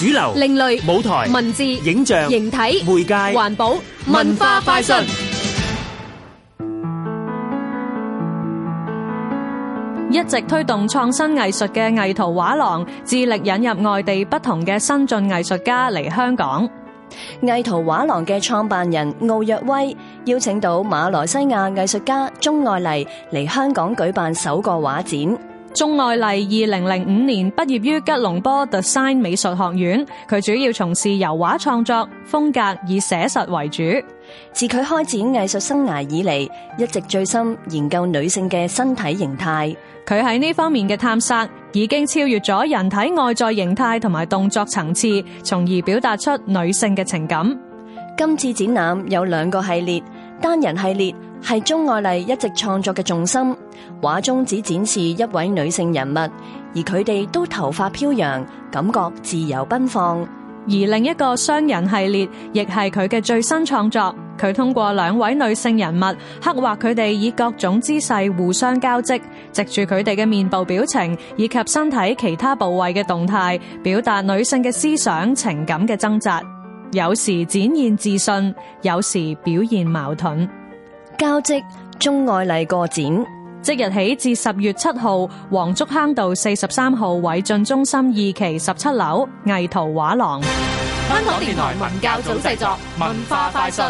主流、另類舞台、文字、影像、形體、媒介、環保、文化、快訊，一直推動創新藝術嘅藝圖畫廊，致力引入外地不同嘅新晉藝術家嚟香港。藝圖畫廊嘅創辦人奧若威，邀請到馬來西亞藝術家鍾愛麗嚟香港舉辦首個畫展。鍾愛麗，二零零五年畢業於吉隆坡 Design 美術學院，佢主要從事油畫創作，風格以寫實為主。自佢開展藝術生涯以嚟，一直醉心研究女性嘅身體形態。佢喺呢方面嘅探索，已經超越咗人體外在形態同埋動作層次，從而表達出女性嘅情感。今次展覽有兩個系列，單人系列。係鍾愛麗一直創作嘅重心，畫中只展示一位女性人物，而佢哋都頭髮飄揚，感覺自由奔放。而另一個商人系列亦係佢嘅最新創作。佢通過兩位女性人物刻畫佢哋以各種姿勢互相交織，藉住佢哋嘅面部表情以及身體其他部位嘅動態，表達女性嘅思想情感嘅掙扎。有時展現自信，有時表現矛盾。交織鍾愛麗個展，即日起至十月七號，黃竹坑道四十三號偉俊中心二期十七樓藝圖畫廊。香港電台文教組製作，文化快訊。